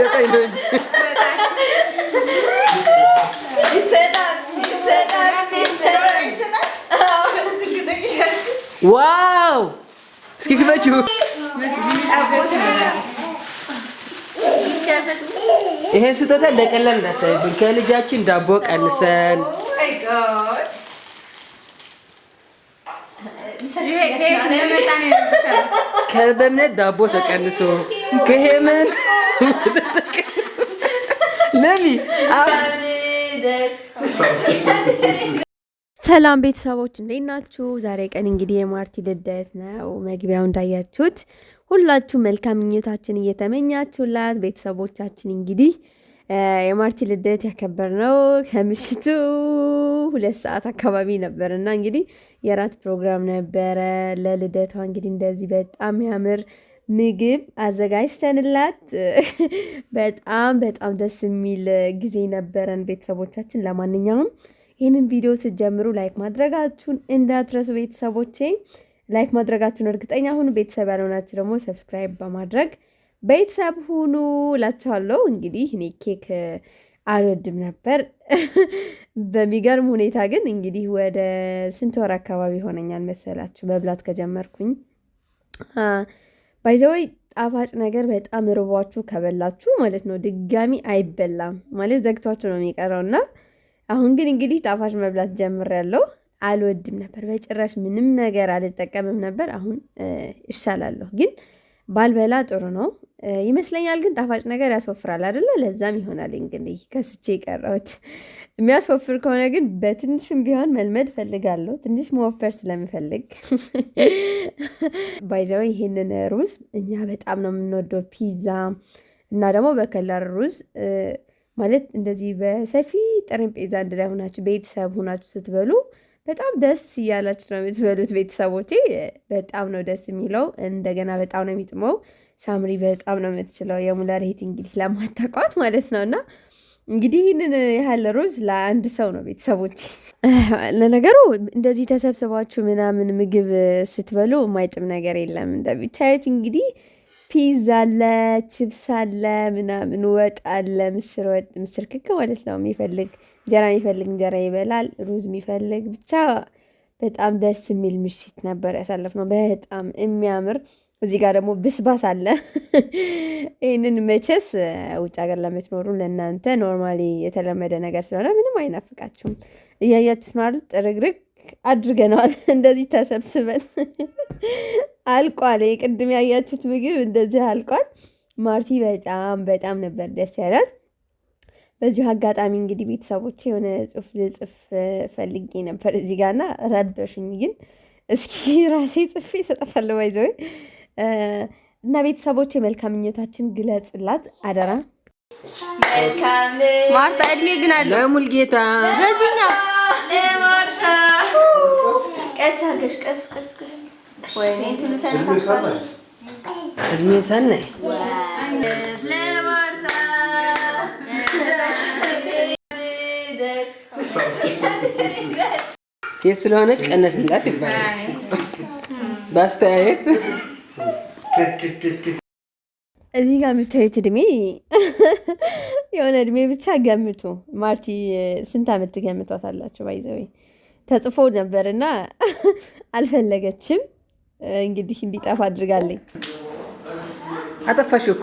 ሲሰጠኝ ነው እንጂ ዋው! እስኪ ክፈችው። ይሄን ስጦታ ለቀላል እንዳታይብን። ከልጃችን ዳቦ ቀንሰን በእምነት ዳቦ ተቀንሶ ከሄመን ለሚ ሰላም ቤተሰቦች እንዴት ናችሁ? ዛሬ ቀን እንግዲህ የማርቲ ልደት ነው። መግቢያው እንዳያችሁት ሁላችሁ መልካም ምኞታችን እየተመኛችሁላት ቤተሰቦቻችን እንግዲህ የማርቲ ልደት ያከበር ነው። ከምሽቱ ሁለት ሰዓት አካባቢ ነበር እና እንግዲህ የራት ፕሮግራም ነበረ ለልደቷ እንግዲህ እንደዚህ በጣም ያምር ምግብ አዘጋጅተንላት በጣም በጣም ደስ የሚል ጊዜ ነበረን ቤተሰቦቻችን። ለማንኛውም ይህንን ቪዲዮ ስትጀምሩ ላይክ ማድረጋችሁን እንዳትረሱ ቤተሰቦቼ። ላይክ ማድረጋችሁን እርግጠኛ ሁኑ። ቤተሰብ ያልሆናችሁ ደግሞ ሰብስክራይብ በማድረግ ቤተሰብ ሁኑ እላችኋለሁ። እንግዲህ እኔ ኬክ አልወድም ነበር። በሚገርም ሁኔታ ግን እንግዲህ ወደ ስንት ወር አካባቢ ሆነኛል መሰላችሁ መብላት ከጀመርኩኝ ባይዘወይ ጣፋጭ ነገር በጣም ርቧችሁ ከበላችሁ ማለት ነው ድጋሚ አይበላም ማለት ዘግቷችሁ ነው የሚቀረው። እና አሁን ግን እንግዲህ ጣፋጭ መብላት ጀምሬያለሁ። አልወድም ነበር በጭራሽ ምንም ነገር አልጠቀምም ነበር። አሁን እሻላለሁ፣ ግን ባልበላ ጥሩ ነው። ይመስለኛል ግን ጣፋጭ ነገር ያስወፍራል አደለ? ለዛም ይሆናል እንግዲህ ከስቼ የቀረሁት። የሚያስወፍር ከሆነ ግን በትንሽም ቢሆን መልመድ ፈልጋለሁ፣ ትንሽ መወፈር ስለምፈልግ። ባይዘው ይሄንን ሩዝ እኛ በጣም ነው የምንወደው፣ ፒዛ እና ደግሞ በከለር ሩዝ ማለት እንደዚህ በሰፊ ጠረጴዛ አንድ ላይ ሆናችሁ ቤተሰብ ሆናችሁ ስትበሉ በጣም ደስ እያላችሁ ነው የምትበሉት። ቤተሰቦቼ በጣም ነው ደስ የሚለው። እንደገና በጣም ነው የሚጥመው ሳምሪ በጣም ነው የምትችለው የሙላር እህት እንግዲህ ለማታውቋት ማለት ነው። እና እንግዲህ ይህንን ያህል ሩዝ ለአንድ ሰው ነው ቤተሰቦች። ለነገሩ እንደዚህ ተሰብስባችሁ ምናምን ምግብ ስትበሉ የማይጥም ነገር የለም። እንደሚታየች እንግዲህ ፒዛ አለ፣ ችብስ አለ፣ ምናምን ወጥ አለ፣ ምስር ወጥ፣ ምስር ክክ ማለት ነው። የሚፈልግ እንጀራ የሚፈልግ እንጀራ ይበላል፣ ሩዝ የሚፈልግ ብቻ በጣም ደስ የሚል ምሽት ነበር ያሳለፍነው። በጣም የሚያምር እዚህ ጋር ደግሞ ብስባስ አለ። ይህንን መቼስ ውጭ ሀገር ለምትኖሩ ለእናንተ ኖርማሊ የተለመደ ነገር ስለሆነ ምንም አይናፍቃችሁም። እያያችሁ ነው ጥርግርግ አድርገነዋል። እንደዚህ ተሰብስበን አልቋል። ቅድም ያያችሁት ምግብ እንደዚህ አልቋል። ማርቲ በጣም በጣም ነበር ደስ ያላት። በዚሁ አጋጣሚ እንግዲህ ቤተሰቦች የሆነ ጽሑፍ ልጽፍ ፈልጌ ነበር እዚህ ጋርና ረበሽኝ፣ ግን እስኪ ራሴ ጽፌ ሰጠፋለሁ ይዘወይ እና ቤተሰቦች የመልካም ምኞታችን ግለጹላት አደራ። ማርታ እድሜ ግን አለ ለሙልጌታ በዚህኛው ለማርታ ቀስ አድርገሽ ቀስ ቀስ ቀስ እድሜ ሰናይ ሴት ስለሆነች ቀነስ እንዳት ይባላል በአስተያየት እዚህ ጋር የምታዩት እድሜ የሆነ እድሜ ብቻ ገምቱ። ማርቲ ስንት ዓመት ትገምቷት አላቸው? ባይዘወይ ተጽፎ ነበር እና አልፈለገችም። እንግዲህ እንዲጠፋ አድርጋለኝ። አጠፋሽ እኮ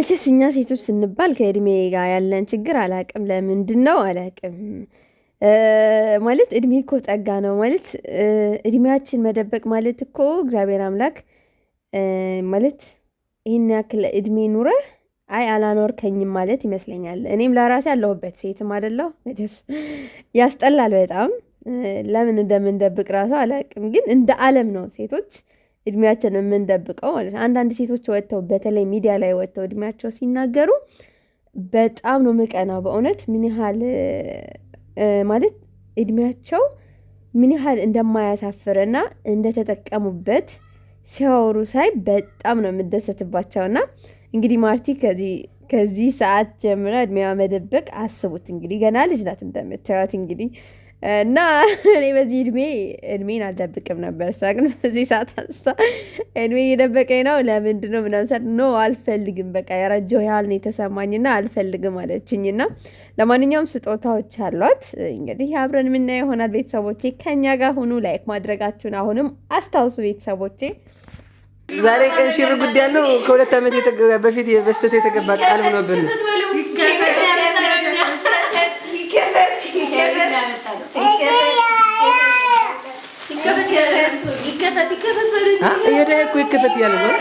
መቼስ እኛ ሴቶች ስንባል ከእድሜ ጋር ያለን ችግር አላቅም፣ ለምንድን ነው አላቅም። ማለት እድሜ እኮ ጸጋ ነው። ማለት እድሜያችን መደበቅ ማለት እኮ እግዚአብሔር አምላክ ማለት ይህን ያክል እድሜ ኑረ አይ አላኖርከኝም ማለት ይመስለኛል። እኔም ለራሴ ያለሁበት ሴትም አደለሁ። መቼስ ያስጠላል በጣም ለምን እንደምንደብቅ ራሱ አላቅም፣ ግን እንደ አለም ነው ሴቶች እድሜያችን የምንደብቀው ማለት ነው። አንዳንድ ሴቶች ወጥተው በተለይ ሚዲያ ላይ ወጥተው እድሜያቸው ሲናገሩ በጣም ነው ምቀናው። በእውነት ምን ያህል ማለት እድሜያቸው ምን ያህል እንደማያሳፍርና እንደተጠቀሙበት ሲያወሩ ሳይ በጣም ነው የምደሰትባቸውና እንግዲህ ማርቲ ከዚህ ከዚህ ሰዓት ጀምራ እድሜዋ መደበቅ አስቡት። እንግዲህ ገና ልጅ ናት እንደምታዩት እንግዲህ እና እኔ በዚህ እድሜ እድሜን አልደብቅም ነበር። እሷ ግን በዚህ ሰዓት አንስታ እድሜ እየደበቀኝ ነው ለምንድን ነው ምናምሳት ኖ አልፈልግም፣ በቃ የረጀ ያህል ነው የተሰማኝና አልፈልግም አለችኝና ለማንኛውም ስጦታዎች አሏት። እንግዲህ አብረን ምና ይሆናል። ቤተሰቦቼ ከኛ ጋር ሁኑ። ላይክ ማድረጋችሁን አሁንም አስታውሱ ቤተሰቦቼ። ዛሬ ቀን ሽር ጉዳይ ነው። ከሁለት ዓመት በፊት በስተት የተገባ ቃል ሆኖብን ይከፈት እያለ ነው።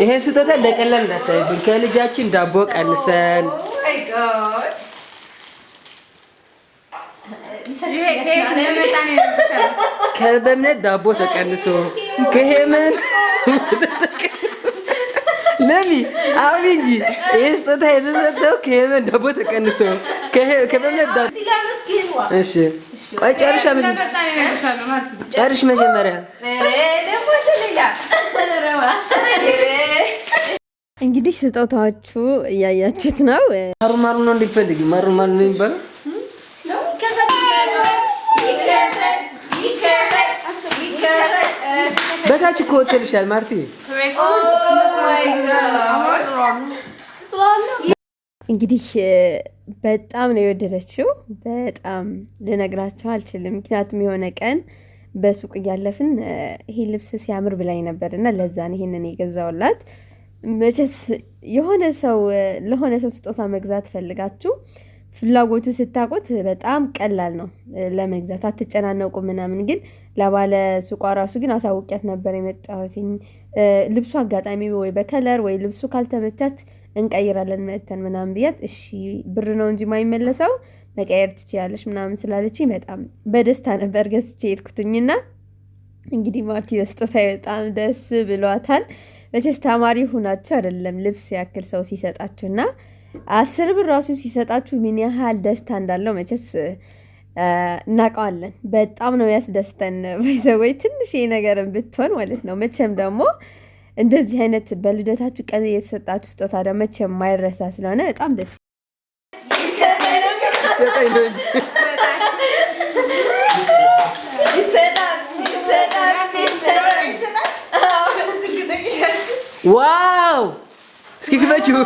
ይሄን ስጦታ ለቀላል እንዳታዩብን። ከልጃችን ዳቦ ቀንሰን ከበእምነት ዳቦ ተቀንሶ ከሄመን ነሚ አሁን እንጂ ይህ ስጦታ የተሰጠው ከየመን ዳቦ ተቀንሶ ጨርሽ መጀመሪያ እንግዲህ ስጦታዎቹ እያያችሁት ነው። ማሩ ማሩ ነው እንዲፈልግ ማሩ ማሩ ነው የሚባለው በታች እኮ ወጥልሻል ማርቲ። እንግዲህ በጣም ነው የወደደችው። በጣም ልነግራቸው አልችልም። ምክንያቱም የሆነ ቀን በሱቅ እያለፍን ይሄ ልብስ ሲያምር ብላኝ ነበር እና ለዛን ይሄንን የገዛውላት። መቼስ የሆነ ሰው ለሆነ ሰው ስጦታ መግዛት ፈልጋችሁ ፍላጎቱ ስታቁት በጣም ቀላል ነው ለመግዛት አትጨናነቁ ምናምን ግን ለባለ ሱቋ ራሱ ግን አሳውቂያት ነበር የመጣሁትኝ። ልብሱ አጋጣሚ ወይ በከለር ወይ ልብሱ ካልተመቻት እንቀይራለን መጥተን ምናምን ብያት፣ እሺ ብር ነው እንጂ የማይመለሰው መቀየር ትችያለሽ ምናምን ስላለች በጣም በደስታ ነበር ገዝቼ ሄድኩትኝና እንግዲህ ማርቲ በስጦታ በጣም ደስ ብሏታል። መቼስ ተማሪ ሁናችሁ አይደለም ልብስ ያክል ሰው ሲሰጣችሁና አስር ብር ራሱ ሲሰጣችሁ ምን ያህል ደስታ እንዳለው መቼስ እናውቀዋለን። በጣም ነው ያስደስተን። በሰዎች ትንሽ ነገርን ብትሆን ማለት ነው። መቼም ደግሞ እንደዚህ አይነት በልደታችሁ ቀን የተሰጣችሁ ስጦታ ደ መቼም ማይረሳ ስለሆነ በጣም ደስ ዋው! እስኪ ክፈችው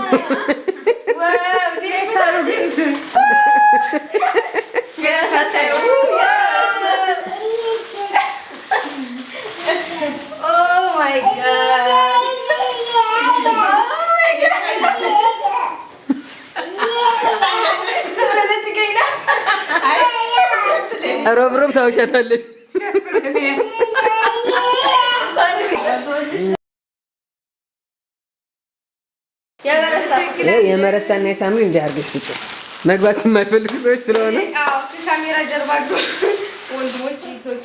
ሮብሮብ ታውሻታለሽ። የመረሳና የሳምሪ እንዲያርገሽ ስጭ። መግባት የማይፈልጉ ሰዎች ስለሆነ ከካሜራ ጀርባ ወንድሞች ቶች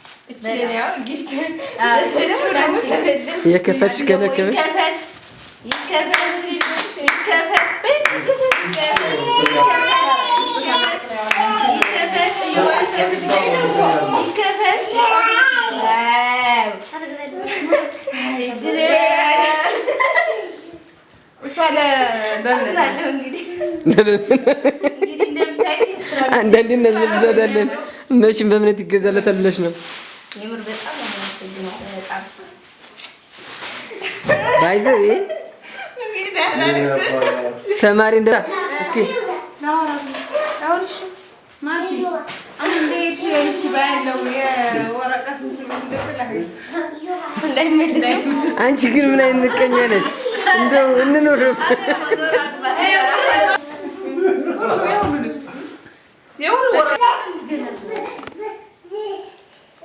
የከፈትሽ ከለከፈች አንዳንዴ እነዚህ ብዛት አለን። መቼም በእምነት ይገዛለታል ብለሽ ነው የምር በጣም በጣም ባይዘ ተማሪ እንደ እስኪ አንቺ ግን ምን አይነት ንቀኛ ነሽ? እንደው እንኖር